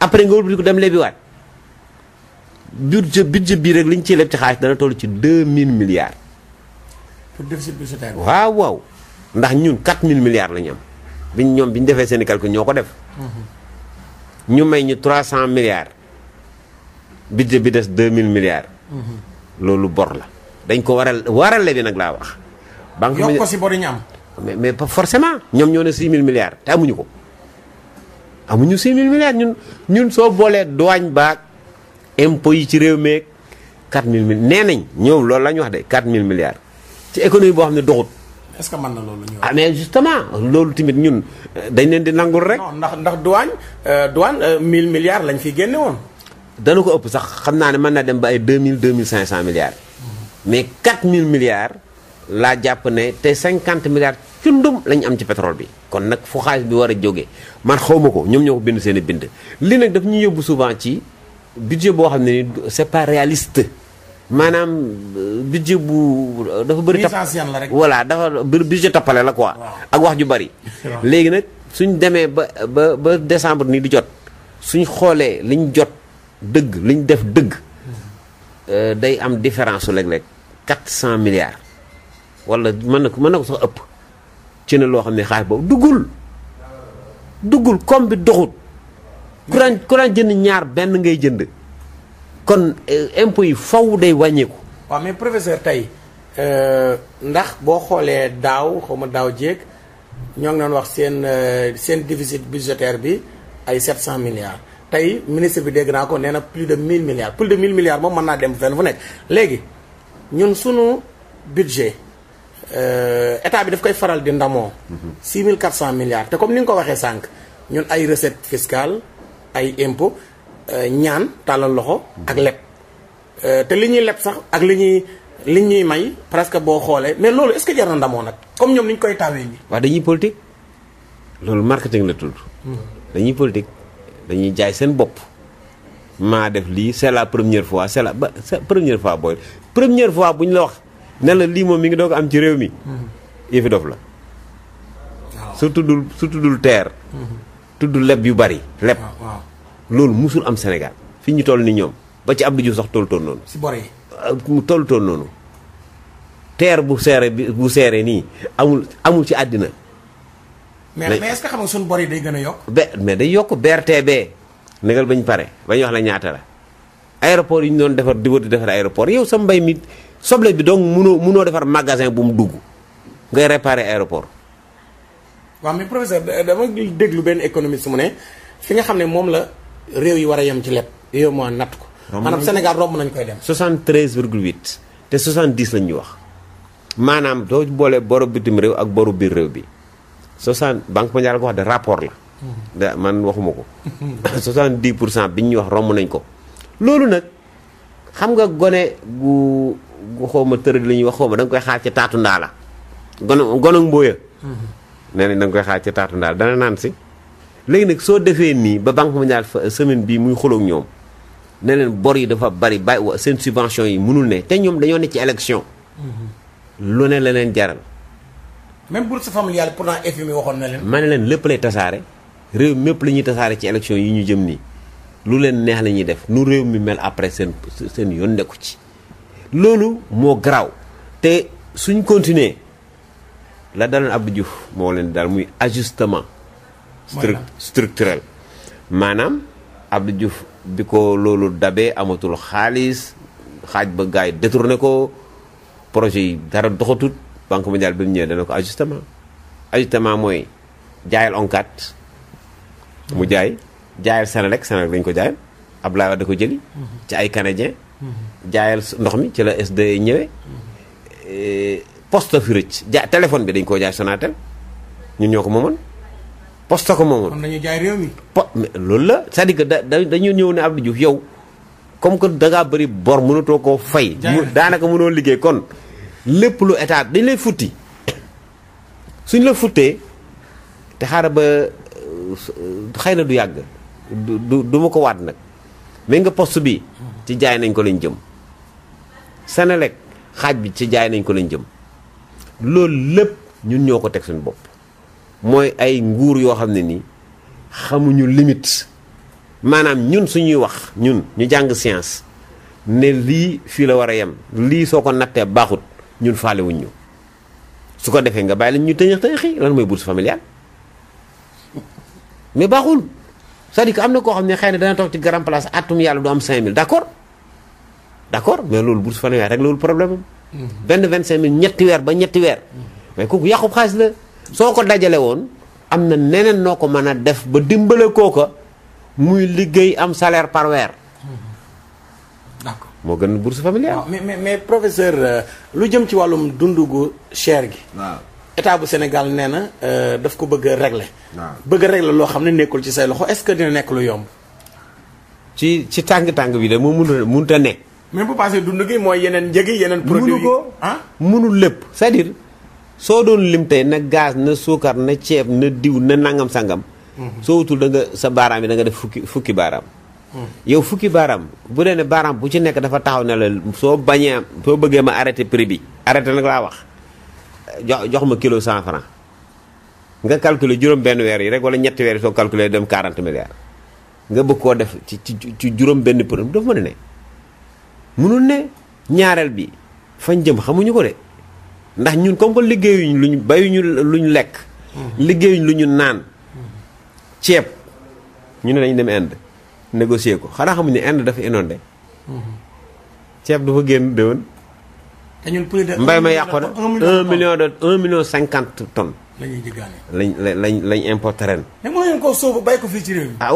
après nga wëlbati ko dem lebiwaat budget budget bii rek li ñu ciy leb ci xaalis dana toll ci 2000 milliards. pour déficit budgétaire waaw waaw ndax ñun 4000 milliards la ñu am biñ ñoom bi ñu defee seen i calcul ñoo ko def. Mm-hmm. ñu may ñu 300 milliards budget bi des 2000 milliards. Mm-hmm. loolu bor la dañ ko waral waral lebi nag laa wax. banque yokk ko si bor yi ñu am. mais ñoom ñoo ne 6000 milliards te amuñu ko. amuñu 6 000 milliards ñun ñun soo boolee douane baak impôts yi ci réew meeg 4 000 nee nañ ñoom loolu la ñu wax de 4 000 milliards ci économie boo xam ne doxut. est que mën na loolu ñu ah mais justement loolu tamit ñun euh, dañ leen di nangul rek. ndax ndax douane euh, douane 1000 euh, milliards lañ fi génne woon. dana ko ëpp sax xam naa ne mën naa dem ba ay 2000 2500 milliards. Mhm. mais 4000 milliards laa jàpp ne te 50 milliards cundum lañ am ci pétrole bi. kon nag fu xaalis bi war a jógee man xawma ko ñoom ñoo ko bind seen i bind. li nag daf ñuy yóbbu souvent ci budget boo xam ne nii c'est pas réaliste maanaam euh, budget bu euh, dafa bëri. tapp la rek voilà dafa budget tappale la quoi. ak wax ju bari. léegi nag suñ demee ba ba ba décembre nii di jot suñ xoolee liñ jot dëgg liñ def dëgg. Euh, day am différence su léeg-léeg cent milliards wala mën na ko mën na ko sax ëpp. ci ne loo xam ne xaalis boobu duggul duggul comme bi doxut ku daan jënd ñaar benn ngay jënd kon eh, impôt yi faw day wàññeeku waa mais professeur tey euh, ndax boo xoolee daaw xaw ma daaw jéeg ñoo ngi doon wax seen euh, seen déficit budgétaire bi ay 700 milliards tey ministre bi dégg naa ko nee na plus de 1000 milliards plus de 1000 milliards moom mën naa dem fenn fu nekk léegi ñun sunu budget Euh, état bi daf koy faral di ndamoo. cent milliards te comme ni nga ko waxee sànq ñun ay recette fiscale ay impôt euh, ñaan tàllal loxo ak leb euh, te li ñuy leb sax ak li ñuy li ñuy may presque boo xoolee mais loolu est-ce jar na ndamoo nag comme ñoom ni ñu koy tawee nii. waaw dañuy politique loolu marketing la tudd. dañuy politique dañuy jaay seen bopp. maa def lii c'est la première fois c'est la ba première fois booy première fois bu ñu la wax. ne la lii moom mi ngi doog am ci réew mi mm-hmm. yëfi dof la su tuddul su tuddul teer mm-hmm. tuddu leb yu bari leb loolu musul am Sénégal fi ñu toll ni ñoom ba ci Abdou Diouf sax toll toon noonu si bor yi ah, mu toll teer bu seere bi bu seere nii amul amul ci àddina mais mais ce que xam nga suñu bor yi day gën a yokk be mais day yokk BRTB négal bañ pare bañ wax la ñaata la aéroport yi ñu doon defar di wër di defar aéroport yow sa mbay mi soble bi donc munoo munoo defar magasin bu mu dugg ngay réparer aéroport. waaw mais professeur dama déglu benn su mu ne fi nga xam ne moom la réew yi war a yem ci leb yow moo natt ko. maanaam Sénégal romb nañ koy dem. 73 virgule 8 te 70 lañ ñu wax maanaam doo boole boru bitim réew ak boru biir réew bi 60 banque mondiale ko wax de rapport la. da man waxuma ko. 70 pour cent bi ñu wax romb nañ ko. loolu nag xaw ma tërëg li ñuy wax xaw ma da koy xaar ca taatu ndaa la gono gono mbóoya nee nañ da koy xaar ca taatu ndaa la dana naan si léegi nag soo defee nii ba banque mondiale euh, semaine bii muy xuloog ñoom ne leen bor yi dafa bari bàyyi wa seen subvention yi mënul ne te ñoom dañoo ne ci élection lu ne la leen jaral même bourse familiale pourtant FMI waxoon na leen ne leen lépp lay tasaare réew mépp la ñuy tasaare ci élection yi ñu jëm nii lu leen neex la ñuy def nu réew mi mel après seen seen yoon nekku ci loolu moo garaaw te suñ continuer la daloon Abdou Diouf moo leen daal muy ajustement structurel maanaam Abdou Diouf bi ko loolu dabee amatul xaalis xaaj ba gars yi détourné ko projet yi dara doxatut banque mondiale bi mu ñëwee dana ko ajustement ajustement mooy jaayal onkat mu hmm. jaay jaayal Senelec Senelec dañ ko jaay Abdoulaye Wade da ko jëli hmm. ci ay canadien hmm. jaayal ndox mi ci la SDE ñëwee eh, poste fi rëcc ja téléphone bi dañ koo jaay Sonatel ñun ñoo ko moomoon poste ko moomoon. kon jaay réew loolu la cest à da dañu ñëw ne Abdou Diouf yow comme que dangaa bëri bor mënatoo koo fay. daanaka mënoo liggéey kon lépp lu état dañ lay futti suñ la futtee te xaaral ba euh, xëy na du yàgg du du ma ko waat nag mais nga post bi ci jaay nañ ko lañ jëm. Senelec xaaj bi ci jaay nañ ko lañ jëm loolu lépp ñun ñoo ko teg suñu bopp mooy ay nguur yoo xam ne nii xamuñu limite maanaam ñun su ñuy wax ñun ñu jàng science ne lii fii la war a yem lii soo ko nattee baaxut ñun faale wuñ ñu su ko defee nga bàyyi lañ ñu tëñëx tëñëxi lan mooy bourse familiale mais baaxul c'est-à-dire am na koo xam ne xëy na dana tox ci grand place atum yàlla du am 5000 d'accord d'accord mais loolu bourse fanweer rek loolu problème benn vingt cinq mille ñetti weer ba ñetti weer. mais kooku yàqu xaalis la soo ko dajalee woon am na neneen noo ko mën a def ba dimbale ko muy liggéey am salaire par weer. d'accord moo gën bourse familiale. mais mais mais professeur euh, lu jëm ci wàllum dundu gu cher gi. waaw bu senegal nee na euh, daf ko bëgg a bëgg a régler loo xam ne nekkul ci say loxo est-ce que dina nekk lu yomb. ci ci tàng tàng bi de mu mun a munut a nekk. même bu paasee dund gi mooy yeneen njëg yi yeneen. produit yi munu ko munul lépp cest à soo doon lim tey na gaz na suukar na ceeb na diw na nangam sangam. Mhm. soo wutul da nga sa baaraam yi da nga def fukki fukki baaraam. Mhm. yow fukki baaraam bu dee ne baaraam bu ci nekk dafa taxaw ne la soo bañee soo bëggee ma arrêté prix bi arrêté nag laa wax jox jox ma kilo 100 francs nga calculer juróom benn weer yi rek wala ñetti weer yi soo calculer dem 40 milliards nga bëgg koo def ci ci ci juróom benn prix dafa mën a mënul ne ñaareel bi fañ jëm xamuñu ko de ndax ñun comme que liggéeyuñ luñ bayuñu luñ lekk. Hmm. liggéeyuñ lu ñu naan. ceeb ñu ne dañu dem ind négocier ko xanaa xamuñ ne Inde dafa inondé. Hmm. ceeb dafa génn déwén. te ñun de mbay ma yàqu na un million de un million cinquante tonnes. la ñuy jéggaane lañ lañ lañ importé ren. mais mën ngeen koo sóobu bay ko fii ci réew ah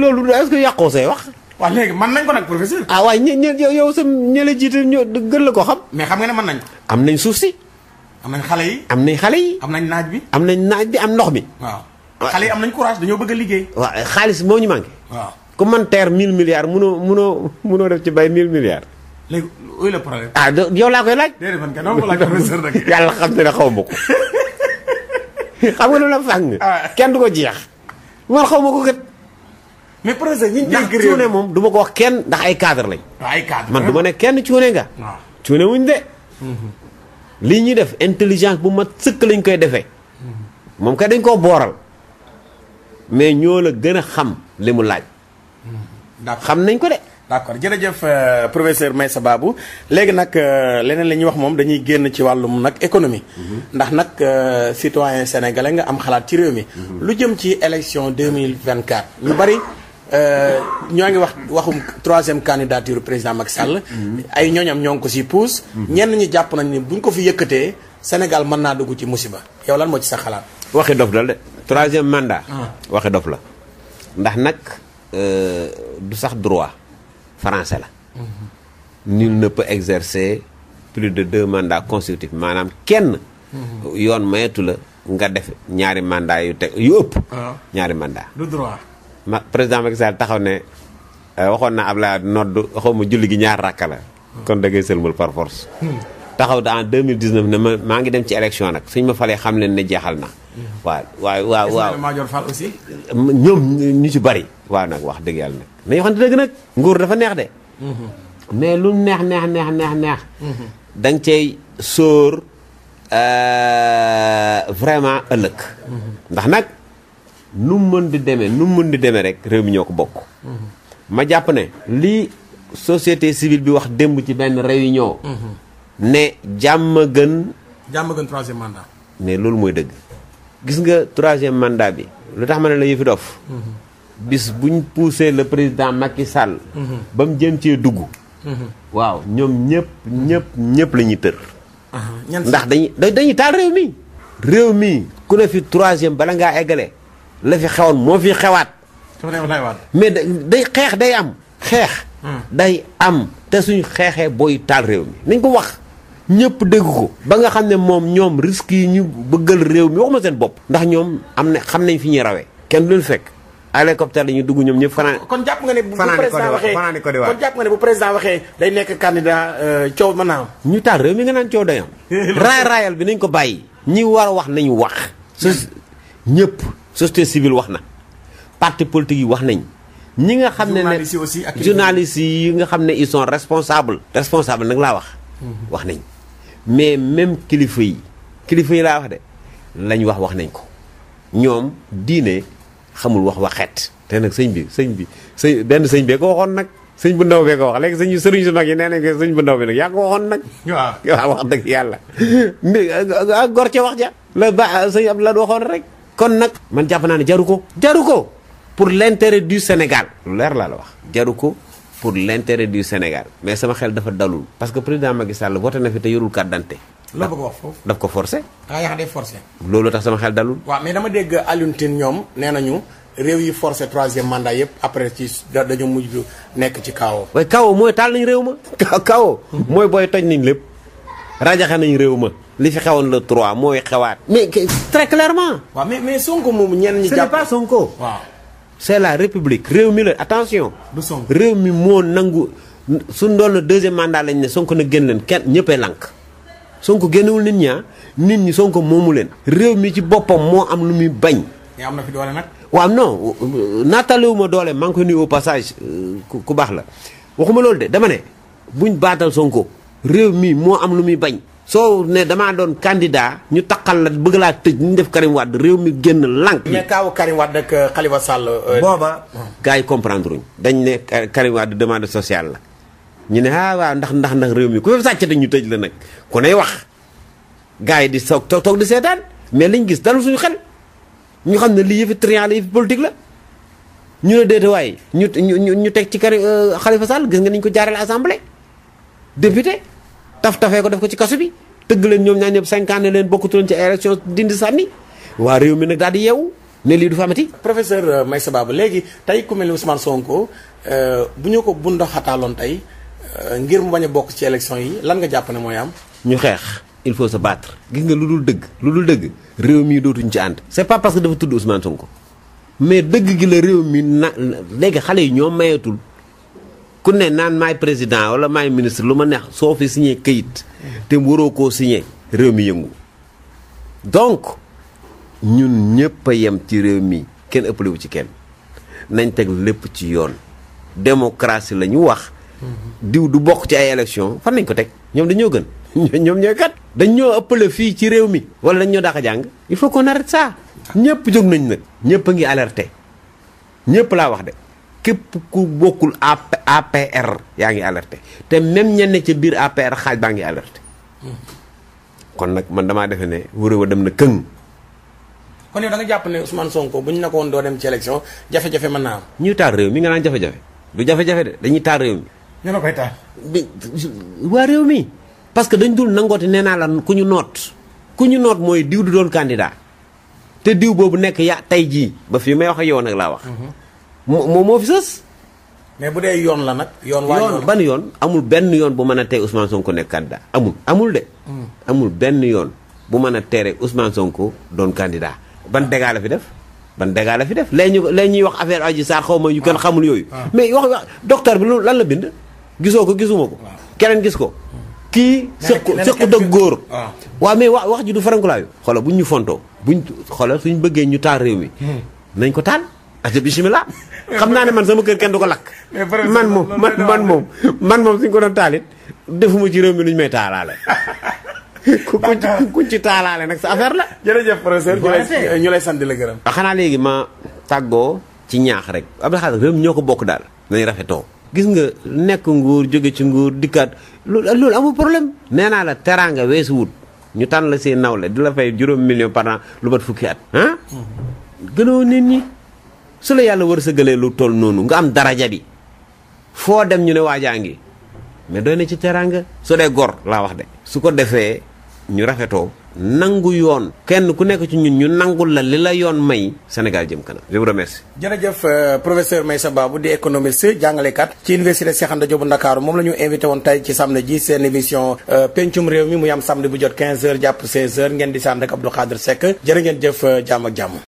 loolu est-ce yàqoo say wax. waaw léegi man nañ ko nag professeur. ah waaye ñi ñi yow sa ñi la jiite ñoo gën la ko xam. mais xam nga ne man nañ am nañ suuf si. am nañ xale yi. am nañ xale yi. am nañ naaj bi. am nañ naaj bi am ndox mi. waaw xale yi am nañ courage dañoo bëgg a liggéey. waaw xaalis moo ñu manqué. waaw ku mën teer 1000 milliards munoo munoo munoo def ci bay 1000 milliards. léegi ooy la ah yow laa koy laaj. déedéet man kenn ko laaj professeur nag. yàlla xam na ne xaw ma ko xam nga lu la fàng. Ah. kenn du ko jeex man xaw ma ko kat. mais professeur ñi ndax cuune moom du ma ko wax kenn ndax ay cadre lañ. Ah, ay cadre man du ma ne kenn cuune nga. waaw ah. cuune wuñ de. Mhm. lii ñuy def intelligence bu mat sëkk lañ koy defee. Mhm. moom kay dañ koo booral. mais ñoo la gën a xam li mu laaj. Mhm. xam nañ ko de. d'accord jërëjëf euh, professeur Meissa Babou léegi nag euh, leneen la ñuy wax moom dañuy génn ci wàllum nag économie ndax nag euh, citoyen sénégalais nga am xalaat ci réew mi lu jëm ci élection 2024 ñu bari Euh, ñoo ngi wax waxum troisième candidature président Macky Sall. ay ñooñam ñoo ngi ko siy puus. ñenn ñi jàpp nañ ni buñ ko fi yëkkatee Sénégal mën naa dugg ci musiba yow lan moo ci sa xalaat. waxi dof la de troisième mandat. Ah. waxi dof la ndax nag euh, du sax droit français la. Mhm. nul ne peut exercer plus de deux mandats consécutifs maanaam kenn. Mhm. yoon mayetu la nga def ñaari mandat yu teg ëpp. Ah. ñaari mandat ma président Macky Sall taxaw ne euh, waxoon naa Abdoulaye nodd xaw ma julli gi ñaar rakka la. kon da ngay sëlmal par force. taxaw da en 2019 ne ma maa ngi dem ci élection nag suñ ma falee xam leen ne jeexal na. waaw waaw waaw waaw Madior Fall aussi. ñoom ñu ci bari. waa nag wax dëgg yàlla nag mais yoo xam nag nguur dafa neex de. mais lu neex neex neex neex neex. da nga cay sóor euh, vraiment ëllëg. ndax nag. nu mën di demee nu mën di demee rek réew mi ñoo ko bokk. ma jàpp ne li société civile bi wax démb ci benn réunion. ne jàmm gën. jàmm gën troisième mais loolu mooy dëgg. gis nga troisième mandat bi lu tax ma ne la fi dof. bis buñ poussé la président Macky Sall. ba mu jëm cee dugg. waaw ñoom ñëpp ñëpp ñëpp la ñuy tër. ndax dañuy dañuy taal réew mi. réew mi ku ne fi troisième bala ngaa eggale. la fi xewoon moo fi xewaat. mais day xeex day am xeex. Hmm. day am te suñu xeexee booy taal réew mi nañ ko wax. ñëpp dégg ko ba nga xam ne moom ñoom risques yi ñu bëggal réew mi waxuma seen bopp. ndax ñoom am ne xam nañ fi ñuy rawee. kenn du leen fekk hélicoptère la ñu dugg ñoom ñëpp fanaan. kon jàpp nga ne bu président waxee kon jàpp nga ne bu président waxee day nekk candidat euh, coow mën naa am. ñu taal réew mi nga naan coow day am. raay raayal bi nañ ko bàyyi. ñi war a wax nañu wax. Hmm. ñëpp. société civile wax na parti politique yi wax nañ ñi nga xam ne ne journalistes yi nga xam ne ison sont responsables responsable nag laa wax mhm. wax nañ mais même kilifa yi kilifa yi laa wax de lañ wax wax nañ ko ñoom diine xamul wax waxeet te nag sëñ bi sëñ bi sëñ benn sëñ bee ko waxoon nag sëñ bu ndaw bee ko wax léegi sëñ sëriñ su mag yi nee nañ ko sëñ bu ndaw bi nag yaa ko waxoon nag waaw wax dëgg yàlla mais gor ca wax ja la ba sëñ Abdoulaye waxoon rek kon nag man jàpp naa ne jaru ko jaru ko pour l'intérêt du Sénégal lu leer laa la wax jaru ko pour l'intérêt du Sénégal mais sama xel dafa dalul parce que président Macky Sall voté na fi te yorul carte d'identité loo bëgg wax foofu daf ko forcé ah yaa day loolu tax sama xel dalul waaw mais dama dégg Alioune Tine ñoom nee nañu réew yi forcé troisième mandat yëpp après ci dañu mujj nekk ci kawo waaye kawo mooy taal nañ réew ma kawo mooy booy toj nañ lépp rajaxe nañ réew ma li fi xewoon la 3 mooy xewaat. mais très clairement. waaw mais mais Sonko moomu ñenn ñi. jàpp Sonko. waaw c' est la république réew mi la attention. du Sonko réew mi moo nangu suñu doon la deuxième mandat lañ ne Sonko na génn leen kenn ñëppee lànk. Sonko génnewul nit ñaa nit ñi Sonko moomu leen. réew mi ci boppam moo am lu muy bañ. am na fi doole nag. waaw non naataalewu ma doole maa ngi koy au passage euh, ku baax la waxuma loolu de dama ne buñ baatal Sonko réew mi moo am lu muy bañ. soo ne damaa doon candidat ñu taqal la bëgg laa tëj ñu def Karim Wade réew mi génn lànk. mais kaawu Karim Wade ak euh, Khalifa Sall. Euh, booba gars yi comprendre luñ dañ ne Karim Wade demande sociale ñu ne ah waaw ndax ndax ndax réew mi ku fi sàcc dañ ñu tëj la nag ku nay wax gars yi di soog toog di seetaan mais liñ gis dalul suñu xel ñu xam ne lii yëfi triant la yëfi politique la. ñu ne déete waaye ñu ñu ñu teg ci Karim euh, Khalifa Sall gis nga niñ ko jaarale assemblée député. taf-tafee ko def ko ci kasu bi tëgg leen ñoom ñaar ñëpp cinquante leen bokkatu leen ci élection dindi sànni waa réew mi nag daal di yeewu ne lii du fa amati. professeur euh, Meissa Baba léegi tey ku mel ni Ousmane Sonko euh, bu ñu ko bundaxataaloon tey euh, ngir mu bañ bokk ci élection yi lan nga jàpp ne mooy am. ñu xeex il faut sa battre gis nga lu dul dëgg lu dul dëgg réew mi dootuñ ci ànd. c'est pas parce que dafa tudd Ousmane Sonko mais dëgg gi la réew mi na léegi xale yi ñoo mayatul. ku ne naan maay président wala may ministre lu ma nex soo fi signé këyit te waroo ko signé réew mi yëngu donc ñun ñëpp a yem ci réew mi kenn ëpplewu ci kenn nañ teg lépp ci yoon démocratie la ñu wax diw du bokk ci ay élection fan nañ ko teg ñoom dañoo gën ñoom ñooy kat dañ ñoo ëppale fii ci réew mi wala dañoo daax a jàng il faut qu'on arrête ça ñëpp jóg nañ nag ñëpp a ngi alerte ñëpp laa wax de képp ku bokkul APR yaa ngi alerté te même ñenn ca biir APR xaaj baa ngi alerté kon nag man damaa defe ne wuré wa dem na këng kon yow da jàpp ne Ousmane Sonko bu ñu ne ko woon doo dem ci élection jafe-jafe naa am ñuy mi nga naan jafe-jafe du de dañuy taal réew mi waa réew mi parce que dañ dul nangooti nee naa la ku ñu noot ku ñu noot mooy diw du doon candidat te diw boobu nekk yaa tey jii ba fii may wax ak yow nag laa wax mhm. moo moo fi sës. mais bu dee yoon la nag. yoon waa yoon yoon amul benn yoon bu mën a tey Ousmane Sonko nekk candidat amul amul de. Hmm. amul benn yoon bu mën a tere Ousmane Sonko doon candidat ban dégâts la fi def. ban dégâts la fi def léegi ñu léegi ñuy wax affaire Adji Sarr xaw ma yu kenn ah. xamul yooyu. Ah. mais wax wax docteur bi lan la bind. gisoo ko gisuma ko. Ah. keneen gis ko. Hmm. kii sëqu sëqu dëgg góor. waaw mais wax wax ji du farankulaayu. xoolal bu ñu fontoo buñ xoolal suñ bëggee ñu taal réew mi. Hmm. si mi la xam naa ne man sama kër kenn du ko lakk. man moom man man moom man moom suñ ko doon taalit defuma ci réew mi lu ñu may taalaale. ku kuñ ci taalaale nag sa affaire la. jërëjëf professeur ñu lay sant di ah, xanaa léegi ma tàggoo ci ñaax rek ab Khadre réew mi ñoo ko bokk daal nañ rafetoo. gis nga nekk nguur jóge ci nguur dikkaat loolu loolu amul problème. nee naa la teraanga weesu wut ñu tànn la seen nawle di la fay juróom million par lu bat fukki at. ah mm-hmm. nit ñi. su la yàlla war sëgalee lu toll noonu nga am daraja bi foo dem ñu ne waajaa ngi mais doy na ci teraanga su dee gor laa wax de su ko defee ñu rafetoo nangu yoon kenn ku nekk ci ñun ñu nangul la li la yoon may Sénégal jëm kanam je vous remercie. jërëjëf euh, professeur Meissa Babou di économiste jàngalekat ci université Cheikh Anta Ndakaaru moom la ñu invité woon tey ci samedi ji seen émission euh, pencum réew mi muy am samedi bu jot 15h jàpp 16h ngeen di sànd ak Abdou Khadre ngeen jëf euh, jàmm ak